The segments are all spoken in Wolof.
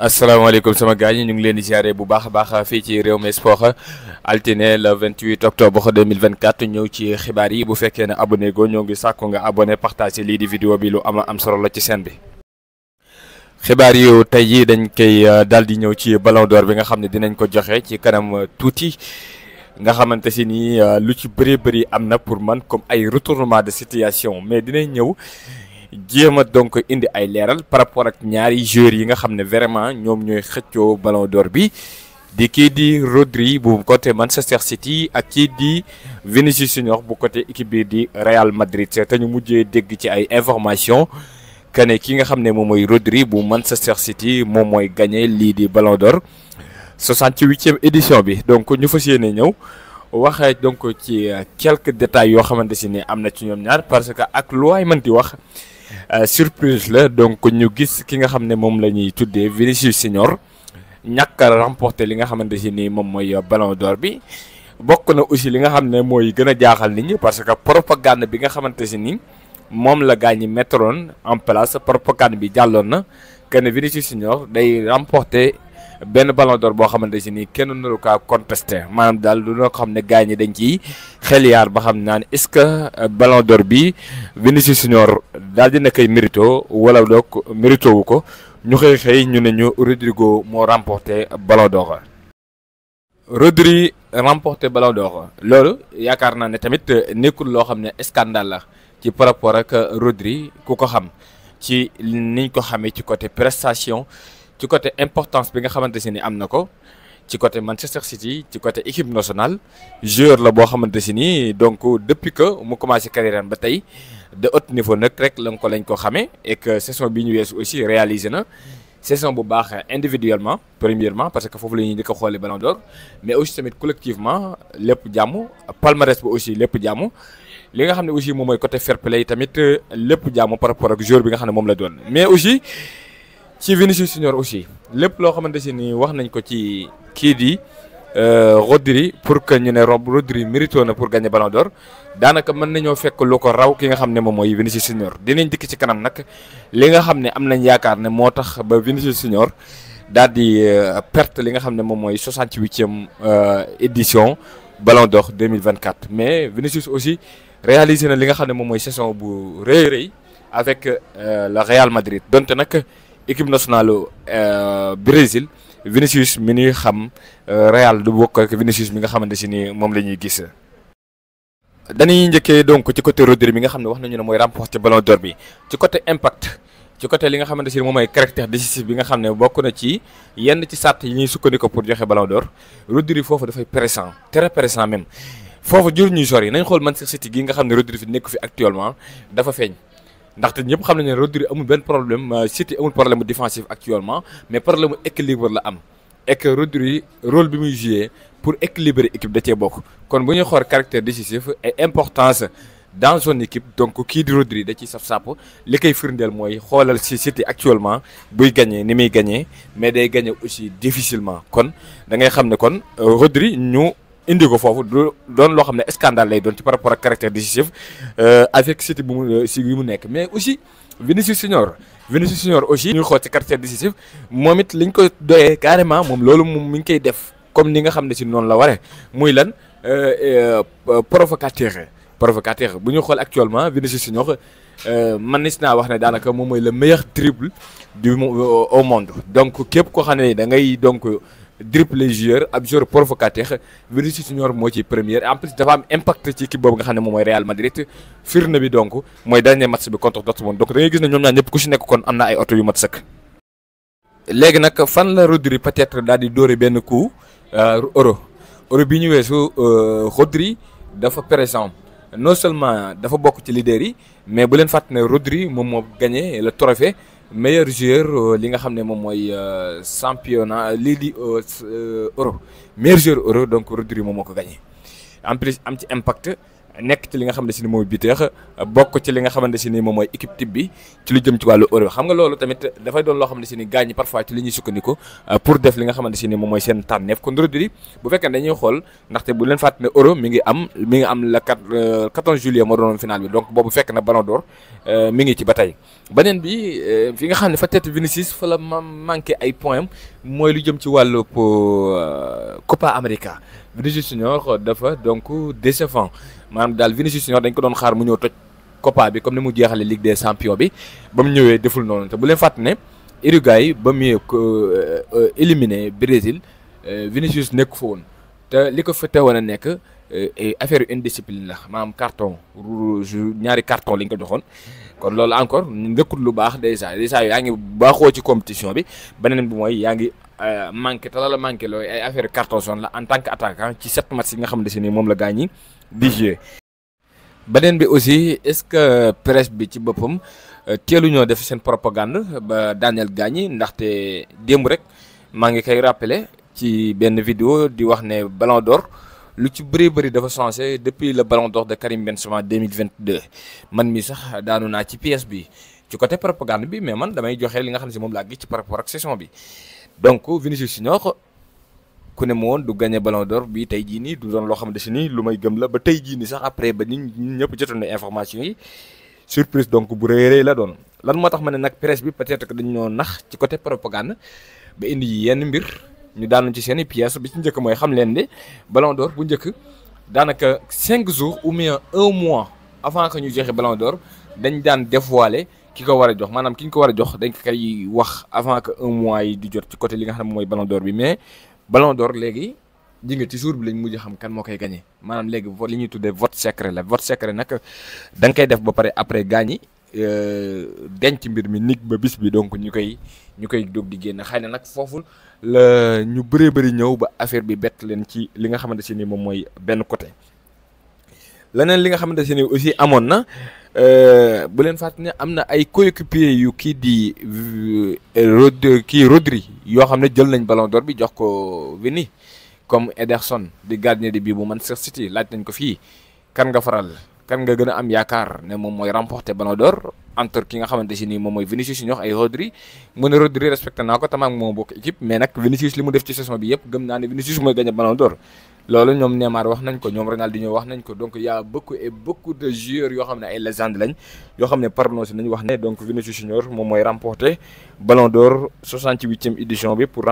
asalaamaaleykum sama gars ñi ñu ngi leen di ziare bu baax a baax fii ci réew mi sport altine le 28 octobre 2024 ñëw ci xibaar yi bu fekkee ne abonné go ñoo ngi sàkku nga abonné partagé lii di vidéo bi lu am am solo la ci seen bi. xibaar yu tey yi dañ koy uh, daal di ñëw ci ballon d'or bi nga xam ne dinañ ko joxe ci kanam uh, tuuti. nga xamante si ni uh, lu ci bëri bëri am na pour man comme ay retournement de situation mais dinañ ñëw jéem a donc indi ay leeral par rapport ak ñaari joueurs yi nga xam ne vraiment ñoom ñooy xëccoo ballon d'or bi di kii di Rodri bu côté Manchester City ak kii di Vinicius Junior bu côté équipe bi di Real Madrid te ñu mujjee dégg ci ay information que ne ki nga xam ne moom mooy Rodri bu Manchester City moom mooy gagné lii di ballon d'or 68e édition bi donc ñu fa yéene ñëw waxee donc ci quelques détails yoo xamante si ni am na ci ñoom ñaar parce que ak lu mën di wax Euh, surprise la donc ñu gis ki nga xam ne moom la ñuy tuddee Vinicius Senior ñàkk a li nga xamante si nii moom mooy Ballon d'Or bi bokk na aussi li nga xam ne mooy gën a jaaxal nit ñi parce que propagane bi nga xamante si nii moom la gaa ñi mettroon en place propagande bi jàlloon na kenn ne Vinicius Senior day remporté. benn ballon d'or boo xamante si nii kenn naru kaa contesté maanaam daal lu noo xam ne gars ñi dañ ciy xel ba xam naan est-ce que euh, ballon d'or bi Vinicius Junior daal di koy mérito wala doog mérito wu ko ñu xëy xëy ñu ne ñu Rodrigo moo remporté ballon d'or Rodri remporté ballon d'or loolu yaakaar naa ne tamit euh, nekkul loo xam ne scandale la ci par rapport ak euh, Rodri ku ko xam ci niñ ko xamee ci côté prestation ci côté importance bi nga xamante si ni am na ko ci côté Manchester City ci côté équipe nationale joueur la boo xamante si ni donc depuis que mu commencé carrière ba tey de haut niveau nag rek lan ko lañ ko xamee et que saison bi ñu weesu aussi réalisé na saison bu baax individuellement premièrement parce que foofu la ñuy njëkk a xoolee Ballon d'Or mais aussi tamit collectivement lépp jàmm palmarès bi aussi lépp jàmm li nga xam ne aussi moom mooy côté fair play tamit lépp jàmm par rapport ak nga xam ne moom la doon mais ci Vinicius Junior aussi lépp loo xamante si ni wax nañ ko ci kii di euh, Rodri pour que ñu ne Rob Rodri mérito na pour gagner Ballon d'Or daanaka mën nañoo fekk lu ko raw ki nga xam ne moom mooy Vinicius Junior dinañ dikk ci kanam nag li nga xam ne am nañ yaakaar ne moo tax ba Vinicius Junior daal di euh, perte li nga xam ne moom mooy 68e euh, édition Ballon d'Or 2024 mais Vinicius aussi réalisé na li nga xam ne moom mooy sason bu rëy rëy avec le Real Madrid donte nag. équipe nationale euh, Brésil Vinicius mi ñuy xam euh, Real du bokk ak Vinicius mi nga xamante si ni moom la ñuy gis. dañuy njëkkee donc ci côté Rodri bi nga xam ne wax nañu ne mooy remporté ballon d'or bi ci côté impact ci côté li nga xamante si moom mooy caractère décisif bi nga xam ne bokk na ci yenn ci sàtt yi ñuy sukkandiku pour joxe ballon d'or Rodri foofu dafay pressant très pressant même foofu jur ñuy sori nañ xool Manchester City gi nga xam ne Rodri fi nekk fi actuellement ndaxte ñëpp xam nañ ne Rodri amul benn problème euh, City amul problème défensif actuellement mais problème équilibre la am et que bi muy joué pour équilibrer équipe da cee bokk kon bu ñuy xool caractère décisif et importance dans son équipe donc kii di Rodri da ciy saf sàpp li koy firndeel mooy xoolal si City actuellement buy gagné ni muy gagné mais day gagné aussi difficilement kon da ngay xam ne kon euh, Rodri ñu. indi ko foofu du doon loo xam ne scandale lay doon ci par rapport ak caractère décisif euh, avec City bu mu euh, si nekk mais aussi Vinicius Junior Vinicius Junior aussi ñu xool ci caractère décisif moom it liñ ko doyee carrément moom loolu moom mi ngi koy def comme ni nga xam ne si noonu la waree muy lan euh, provocateur provocateur bu ñuy xool actuellement Vinicius Junior man nis naa wax ne daanaka moom mooy le meilleur dribble du au monde donc képp koo xam ne da dribble les joueurs ab joueur provocateur Vinicius Junior moo ci première en plus dafa am impact ci équipe boobu nga xam ne moom mooy Real Madrid firnde bi donc mooy dernier match bi contre Dortmund donc da ngay ne ñoom ñaar ñëpp yu mat sëkk. léegi nag fan la Rodri peut-être daal di dóore benn coup euh, euro euro bi ñu weesu euh, Rodri dafa présent non seulement dafa bokk ci leader yi mais bu leen fàttali ne Rodri moom moo gagné le trophée meilleur joueur euh, li nga xam ne moom mooy euh, championnat euh, lii di euro meilleur joueur euro donc Rodri moom moo ko gagné en plus am ci impact nekk ci li nga xamante si ni mooy biteex bokk ci li nga xamante si ni moom mooy équipe type bi ci lu jëm ci wàllu euro xam nga loolu tamit dafay doon loo xamante si ni gaañ ñi parfois ci li ñuy sukkandiku euh, nga xamante si ni moom mooy seen tànneef kon Rodri bu fekkee ne dañuy xool ndaxte bu leen fàttali ne euro mi ngi am mi ngi am la 4 14 juillet moo doonoon final bi donc boobu fekk na Ballon d'Or euh, mi ngi ci ba tey beneen bi euh, fi nga xam ne fa tête Vinicius fa la manqué ay points mooy lu jëm ci wàllu Copa America Vinicius Junior dafa donc décevant maanaam daal Vinicius Junior dañ ko doon xaar mu ñëw toj Copa bi comme ni mu jeexalee Ligue des Champions bi ba mu ñëwee deful noonu te bu leen fàtt ne Uruguay ba mu euh, euh, éliminé Brésil euh, Vinicius nekk fa woon te li ko fete teewoon a nekk affaire indiscipline la maanaam carton rouge ñaari carton lañ ko joxoon. kon loolu encore nekkul lu baax dèjà dèjà yaa ngi bu baaxoo ci compétition bi beneen bi mooy yaa ngi euh, manqué te la la manqué looy ay affaire carton jaune la en tant que attaquant ci sept matchs yi nga xamante ne moom la gaañ di jouer beneen bi aussi est-ce que presse bi ci boppam euh, teelu ñoo def seen propagande ba Daniel Gagny ndaxte démb rek maa ngi koy rappelé ci benn vidéo di wax ne Ballon d'Or lu ci bëri bëri dafa changé depuis le ballon d'or de Karim Benzema 2022 man mi sax daanu naa ci pièce bi ci côté propagande bi mais man damay joxe li nga xam ne si moom laa gis ci par rapport ak saison bi donc Vinicius Junior ku ne ma woon du gagné Ballon d'Or bi tey jii nii du doon loo xam xamante si nii lu may gëm la ba tey jii nii sax après ba nit ñëpp jotoon na information yi surprise donc bu rëy rëy la doon lan moo tax ma ne nag presse bi peut-être que dañu ñoo nax ci côté propagande ba indi yenn mbir. ñu daanu ci seen i bi ci njëkk mooy xam leen ni Ballon door bu njëkk daanaka cinq jours ou bien un mois avant que ñu joxe Ballon door dañ daan dévoiler ki ko war a jox maanaam ki ñu ko war a jox dañ ko koy wax avant que un mois yi di jot ci côté li nga xam ne mooy Ballon door bi mais Ballon d'Or léegi ji ci jour bi lañ mujj xam kan moo koy gagné maanaam léegi li ñuy tuddee vote secret la vote secret nag da nga koy def ba pare après gaañi euh, denc mbir mi nit ba bis bi donc ñu koy ñu koy dog di génn xëy na nag foofu la ñu bëree bëri ñëw ba affaire bi bett leen ci li nga xamante si ni moom mooy benn côté leneen li nga xamante si ni aussi amoon na euh, bu leen fàttali ne am na ay coéquipier yu kii di euh, Rod kii Rodri yoo xam ne jël nañ ballon d'or bi jox ko Vini comme Ederson di gardien de but bu Manchester City laaj nañ ko fii kan nga faral. kan nga gën am yaakaar ne moom mooy remporter Ballon d'Or entre ki nga si nii moom mooy Vinicius Junior ay Rodri mu ne Rodri respecté naa ko tamaam moom bokk équipe mais nag Vinicius li mu def ci saison bi yëpp gëm naa ne mooy gagné Ballon loolu ñoom Neymar wax nañ ko ñoom Ronaldinho wax nañ ko donc y beaucoup de joueurs yoo xam ne ay légendes lañ yoo xam ne prononcé nañ wax ne donc Vinicius Junior moom mooy remporter Ballon d'Or 68e édition bi pour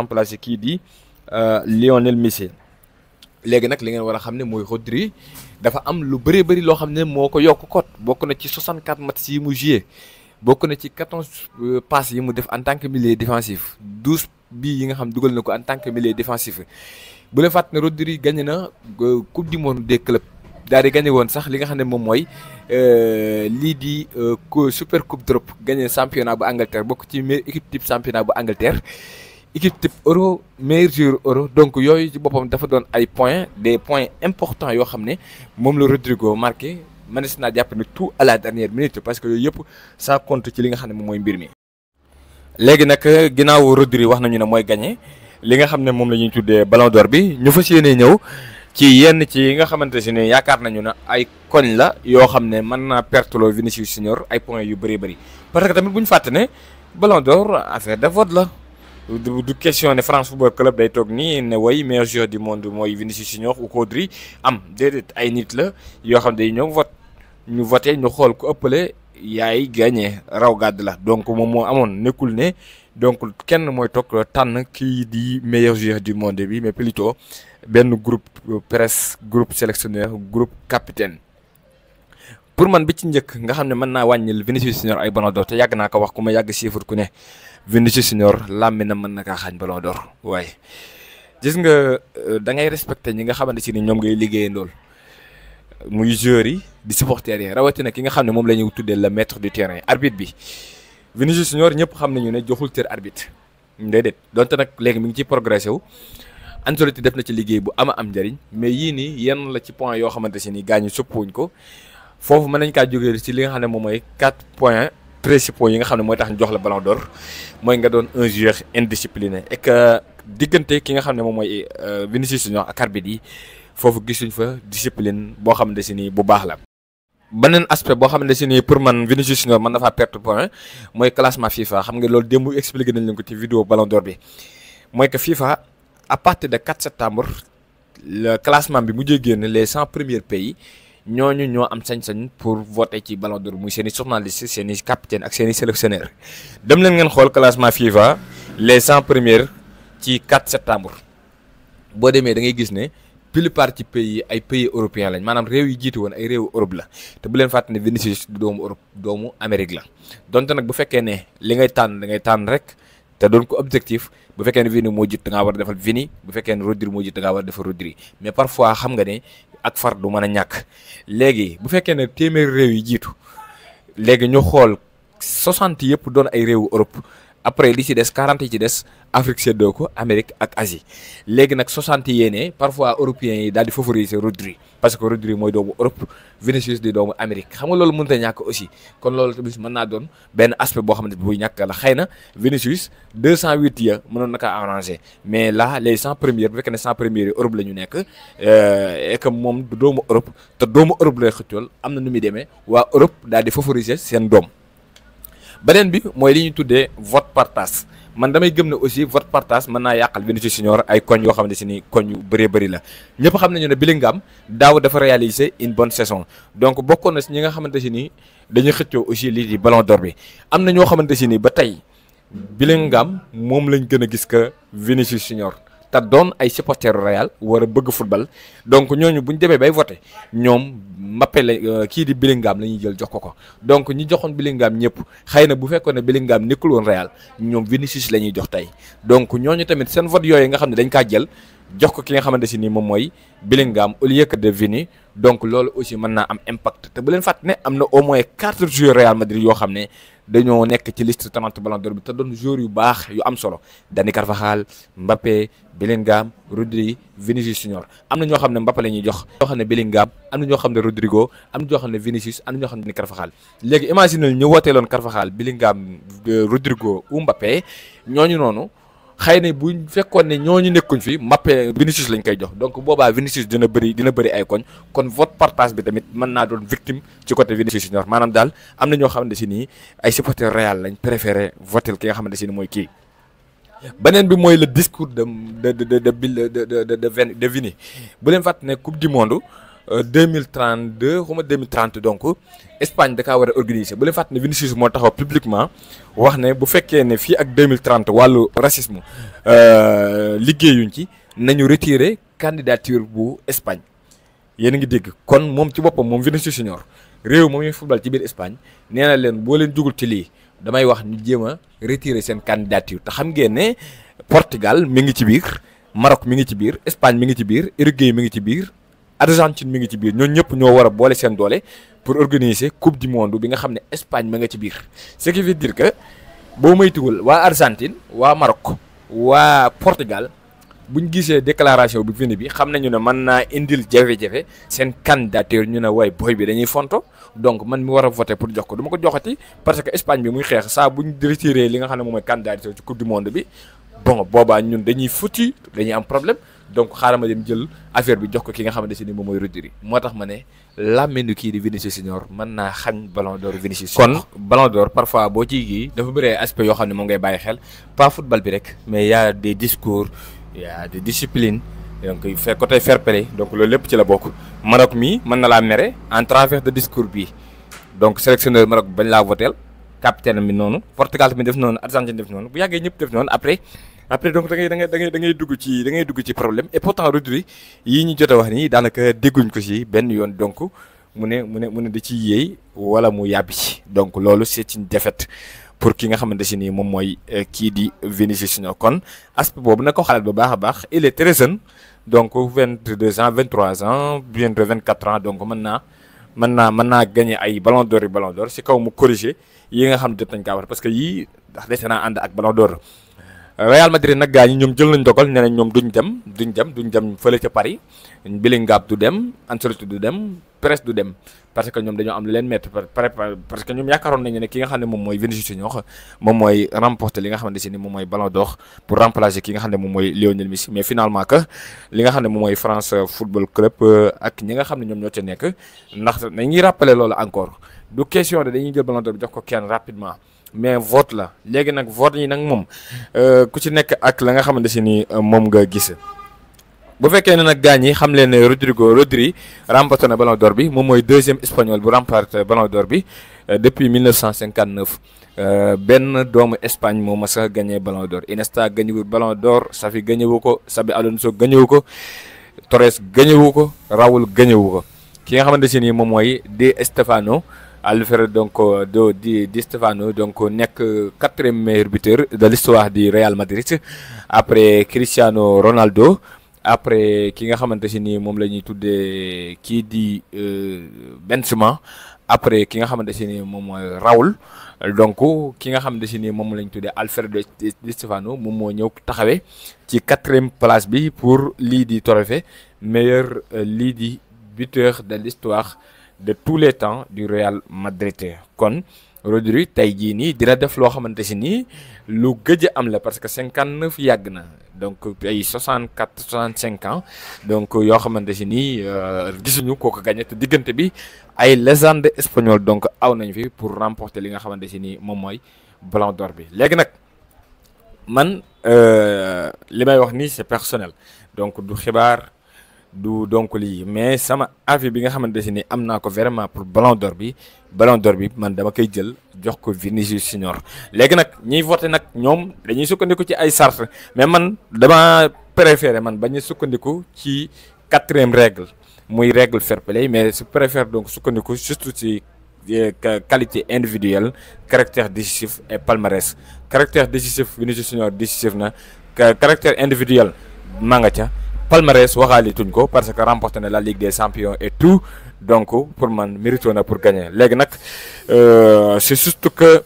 léegi nag li ngeen war a xam ne mooy Rodri dafa am lu bëree bëri loo xam ne moo ko yokk kot bokk na ci 64 matchs yi mu joué bokk na ci 14 euh, passes yi mu def en tant que milieu défensif 12 bii yi nga xam dugal na ko en tant que milieu défensif bu leen fàttali ne Rodri gagné na euh, coupe du monde des clubs daal di gagné woon sax li nga xam ne moom mooy euh, lii di super coupe d'Europe gagné championnat bu Angleterre bokk ci mais équipe type championnat bu Angleterre. équipe type euro meilleur joueur euro donc yooyu ci boppam dafa doon ay points des points importants yoo xam ne moom la Rodrigo marqué mënees na jàpp ne tout à la dernière minute parce que yooyu yëpp ça compte ci li nga xam ne moom mooy mbir mi. léegi nag ginnaaw Rodri wax nañu ne mooy gagné li nga xam ne moom la ñuy tuddee ballon d'or bi ñu fa fas yéenee ñëw ci yenn ci yi nga xamante si ne yaakaar nañu ne ay koñ la yoo xam ne mën naa perteloo Vinicius Junior ay points yu bëri bëri parce que tamit bu ñu fàtte ne ballon d'or affaire de vote la. du du question ne France Football Club day toog nii ne way meilleur joueur du monde mooy Vinicius Junior ou Rodri am déedéet ay nit la yoo xam ne day ñëw vote ñu voté ñu xool ku ëppale yaay gagné raw gàdd la donc moom moo amoon nekkul ne donc kenn mooy toog tànn kii di meilleur joueur du monde bi mais plutôt benn groupe presse groupe sélectionneur groupe capitaine. pour man bi ci njëkk nga xam ne mën naa wàññil Vinicius Junior ay Ballon d'Or te yàgg naa ko wax ku ma yàgg siifur ku ne Vinicius Junior làmmiñ na mën na kaa xañ Ballon d'Or waaye gis nga euh, da ngay respecté ñi nga xamante si ni ñoom ngay liggéeyandool muy joueurs yi di supporters yi rawatina ki nga xam ne moom la ñuy tuddee le maître du terrain arbitre bi Vinicius Junior ñëpp xam nañu ne joxul cër arbitre déedéet donte nag léegi mi ngi ciy progressé wu. Ancelotti def na ci liggéey bu ama am njëriñ mais yii nii yenn la ci point yoo xamante si ni gaañu soppuwuñ ko foofu mën nañ kaa jógee ci li nga xam ne moom mooy 4 points. principaux yi nga xam ne mooy tax ñu jox la ballon d'or mooy nga doon un joueur indiscipliné et que diggante ki nga xam ne moom mooy euh, Vinicius Junior ak arbitre yi foofu gisuñ fa discipline boo xam ne si nii bu baax la. ba neen aspect boo xam ne si nii pour man Vinicius Junior man na faa perte point mooy classement FIFA xam nga loolu démb expliqué nañ leen ko ci vidéo ballon door bi mooy que FIFA à partir de 4 septembre le classement bi jee génn les cent premiers pays. ñooñu ñoo am sañ-sañ pour voter ci Ballon d'Or muy seen i journaliste seen capitaine ak seen i sélectionneur dem leen ngeen xool classement FIFA les 100 première ci quatre septembre boo demee da ngay gis ne plupart ci pays ay pays européens lañ maanaam réew yi jiitu woon ay réewu Europe la te bu leen fàtte ne Vinicius du doomu Europe doomu Amérique la donte nag bu fekkee ne li ngay tànn da ngay tànn rek te doon ko objectif bu fekkee ne Vini moo jiit da ngaa war a defal bu fekkee ne Rodri moo jiit da ngaa war a defal xam nga ne ak far du mën a ñàkk léegi bu fekkee ne téeméeri réew yi jiitu léegi ñu xool soixante yëpp doon ay réewu Europe après li ci des 40 yi ci des Afrique séddoo ko Amérique ak Asie léegi nag 60 yéene parfois européens yi daal di favoriser Rodri parce que Rodri mooy doomu Europe Vinicius di doomu Amérique xam nga loolu mënut a ñàkk aussi kon loolu tamit mën naa doon benn aspect boo xam ne bu ñàkk la xay na Vinicius 208 ya mënoon na ko arrangé mais là les 100 premières bu fekkee ne 100 premières Europe la ñu nekk euh, et que moom du doomu Europe te doomu Europe lay xëccool am na nu muy demee waa Europe daal di favoriser seen doom. beneen bi mooy li ñu tuddee vote par man damay gëm ne aussi vote par tasse mën naa yàqal Vinicius Junior ay koñ yoo xam ne si ni koñ yu bëree bari la ñëpp xam nañu ne ngam daaw dafa réaliser une bonne saison donc bokkoon na si ñi nga xamante si ni dañuy xëccoo aussi lii di ballon d'or bi am na ñoo xamante si ni ba tey Bellingham moom lañ gën a gis que Vinicius Junior te doon ay supporteru Real war bëgg football donc ñooñu bu demee bay voté ñoom Mbappé la euh, kii di Bellingham la ñuy jël jox ko ko donc ñi joxoon Bellingham ñëpp xëy na bu fekkoon ne Bellingham nekkul woon Real ñoom Vinicius la ñuy jox tey donc ñooñu tamit seen vote yooyu nga xam ne dañ kaa jël jox ko ki nga xamante si nii moom mooy Bellingham au lieu que de Vini donc loolu aussi mën naa am impact te bu leen fàtte ne am na au moins quatre joueurs Real Madrid yoo xam ne. dañoo nekk ci liste tamante Ballon d'Or bi te doon joueur yu baax yu am solo Dani Carvajal Mbappé Bellingham Rodri Vinicius Junior am na ñoo xam ne Mbappé la ñuy jox ñoo xam ne Bellingham am na ñoo xam ne Rodrigo am na ñoo xam ne Vinicius am na ñoo xam ne Dani Carvajal léegi imagine ñu wootee loon Carvajal Bellingham euh, Rodrigo ou ñoo ñu noonu xëy na bu fekkoon ne ñoo ñu nekkuñ fi Mbappé Vinicius lañ koy jox donc boobaa Vinicius dina bëri dina bëri ay koñ kon vote partage bi tamit mën naa doon victime ci côté Vinicius Junior maanaam daal am na ñoo xamante si nii ay supporters Real lañ préféré votel ki nga xamante si ni mooy kii beneen bi mooy le discours de de de de de de de Vini bu leen fàtt ne coupe du monde Euh, deux mille trente deux xuma deux mille trente donc Espagne da kaa war a organiser bu leen fàttali ne Vinicius moo taxaw publiquement wax ne bu fekkee ne fii ak deux mille trente wàllu racisme euh, liggéeyuñ ci nañu retirer candidature bu Espagne yéen a ngi dégg kon moom ci boppam moom Vinicius Junior réew moom ñuy football ci biir Espagne nee na leen boo leen jugul ci lii damay wax ñu jéem a retirer seen candidature te xam ngeen ne Portugal mi ngi ci biir Maroc mi ngi ci biir Espagne mi ngi ci biir Uruguay mi ngi ci biir. Argentine mi ngi ci biir ñooñu ñëpp ñoo war a boole seen doole pour organiser coupe du monde bi nga xam ne Espagne ma nga ci biir ce qui veut dire que boo moytuwul waa Argentine waa Maroc waa Portugal bu ñu gisee déclaration bi fini bi xam nañu ne mën naa indil jafe-jafe seen candidature ñu ne waay boy bi dañuy fonto donc man mi war a voté pour jox ko du ko joxati parce que Espagne bi muy xeex saa bu ñu retiré li nga xam ne moom mooy candidature ci coupe du monde boobaa ñun dañuy futti dañuy am problème. donc xaaral ma dem jël affaire bi jox ko ki nga xamante ni moom mooy Rodri moo tax ma ne làmmeenu kii di Vinicius Junior mën naa xañ Ballon d'Or Vinicius kon Ballon d'Or parfois boo ciy gii dafa bëri ay aspects yoo xam ne moom ngay bàyyi xel pas football bi rek mais y a des discours y a des disciplines donc fa côté fair play donc loolu lépp ci la bokk Maroc mii mën na laa mere en travers de discours bi donc sélectionneur Maroc bañ laa voteel capitaine bi noonu Portugal tamit def noonu Argentine def noonu bu yàggee ñëpp def noonu après après donc da ngay da ngay da ngay dugg ci da ngay dugg ci problème et pourtant Rodri yii ñu jot a wax nii daanaka dégguñ ko ci benn yoon donc mu ne mu ne mu ne da ci yéey wala mu yàbbi ci donc loolu c'est une défaite pour ki nga xamante si nii moom mooy euh, kii di Vinicius Junior kon aspect boobu na ko xalaat bu baax a baax très jeune donc vingt-deux ans vingt-trois ans bientôt vingt-quatre ans donc mën naa mën naa mën naa gagné ay ballon d'or yi ballon d'or si kaw mu corrigé yi nga xam ne jot nañ kaa war parce que yii ndax dese naa ànd ak ballon door Real Madrid nag gaa ñi ñoom jël nañ dogal nee nañ ñoom duñ dem duñ dem duñ Paris Bellingham du dem Ancelotti du dem Perez du dem parce que ñoom dañoo am lu leen métti parce que ñoom yaakaaroon nañu ne ki nga xam ne moom mooy Vinicius Junior moom mooy remporter li nga xamante ne moom mooy Ballon d'Or pour remplacer ki nga xam ne moom mooy Lionel Messi mais finalement que li nga xam ne moom mooy France Football Club euh, ak ñi nga xam ne ñoom ñoo ca nekk ndax dañuy rappeler loolu encore du question de dañuy jël Ballon d'Or bi jox ko kenn rapidement. mais vote la léegi nag vote yi nag moom euh, ku ci nekk ak la nga xamante si ni euh, moom nga gis. bu fekkee ne nag gaañ yi xam leen ne Rodrigo Rodri remporté na ballon d'or bi moom mooy deuxième espagnol bu remporté ballon d'or bi euh, depuis 1959 benn doomu Espagne moo ma a gagné ballon d'or Iniesta gañewul ballon d'or Xavi gañewu ko Xabi Alonso gañewu ko Torres gañewu ko rawul gañewu ko ki nga xamante si nii moom mooy Di Stéfano Alfred donc do di Di Stefano donc nekk quatrième meilleur buteur de l'histoire di Real Madrid après Cristiano Ronaldo après ki nga xamante si ni moom la ñuy tuddee kii di euh, Benzema après ki nga xamante si ni moom mooy Raoul donc ki nga xamante si ni moom la tuddee Alfredo Di Stefano moom moo ñëw taxawee ci quatrième place bi pour lii di trophée meilleur euh, lii di buteur de l'histoire de tous les temps du Real Madrid kon Rodri tey jii nii dina def loo xamante si nii lu gëj am la parce que cinquante neuf yàgg na donc ay soixante quatre soixante cinq ans donc yoo xamante si nii euh, gisuñu kooko gagné te diggante bi ay légende espagnole donc aw nañ fi pour remporter li nga xamante si nii moom mooy Ballon d'Or bi léegi nag man euh, li may wax nii c'est personnel donc du xibaar. du donc lii mais sama avis bi nga xamante ni am naa ko vraiment pour ballon d'or bi ballon d'or bi man dama koy jël jox ko Vinicius Junior léegi nag ñiy voté nag ñoom dañuy sukkandiku ci ay sart mais man dama préféré man bañ a sukkandiku ci quatrième règle muy règle fair play mais su préfère donc sukkandiku surtout ci euh, qualité individuelle caractère décisif et palmarès caractère décisif Vinicius Junior décisif na caractère individuel maa nga ca palmarès waxaale tuñ ko parce que remporté na la Ligue des champions et tout donc pour man mérité na pour gagner léegi nag euh, c'est surtout que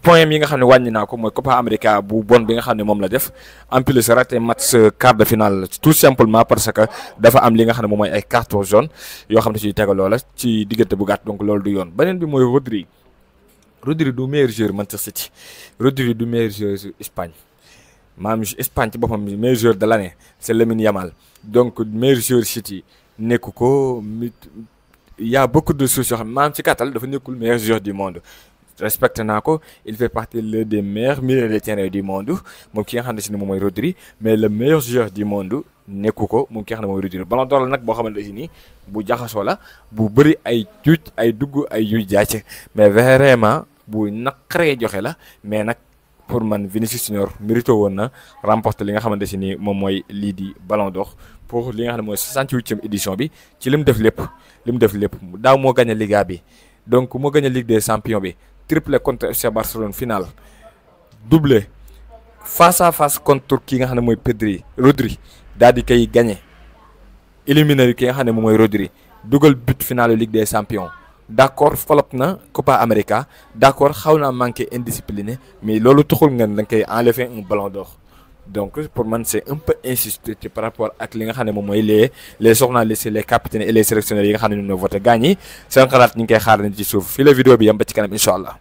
point yi nga xam ne wàññi naa ko mooy Copa America bu bon bi nga xam ne moom la def en plus raté match quart de finale tout simplement parce que dafa am li nga xam ne moom mooy ay carton jaune yoo xam ne si tegaloo la ci diggante bu gàtt donc loolu du yoon beneen bi mooy Rodri Rodri du meilleur joueur Manchester City Rodri du meilleur joueur Espagne. maanaam Espagne ci boppam meilleur joueur de l'année c'est Lamine Yamal donc meilleur joueur City nekku ko yaa a beaucoup de choses yoo xam maanaam ci gàttal dafa nekkul meilleur joueur du monde respecté naa ko il fait partie l'un des meilleurs milieux de terrain du monde moom ki nga xam ne si ne moom mooy Rodri mais le meilleur joueur du monde nekku ko moom ki nga xam ne mooy Rodri Ballon d'Or la nag boo xamante si nii bu jaxasoo la bu bëri ay tuut ay dugg ay yuy jaace mais vraiment bu naqaree joxe la mais nag pour man Vinicius Junior mérité woon na remporter li nga xamante si ni moom mooy lii di Ballon d'Or pour li nga xam ne mooy 68e édition bi ci li mu def lépp li mu def lépp daaw moo gagné Liga bi donc moo gagné Ligue des champions bi triplé contre FC Barcelone finale doublé face à face contre ki nga xam ne mooy Pedri Rodri daal di koy gagné éliminé ki nga xam ne moom mooy Rodri dugal but finale Ligue des champions. d' accord flop na Copa America d' accord xaw naa manqué indiscipliné mais loolu taxul ngeen da nga koy enlever ballon d'or donc pour man c' est un peu injuste ci par rapport ak li nga xam ne moom mooy les les journalistes les capitaines et les sélectionneurs yi nga xam ne ñoom ñoo voté gaañ yi seen xalaat ñu ngi koy xaarandi suuf fii la vidéo bi yem ci kanam incha allah.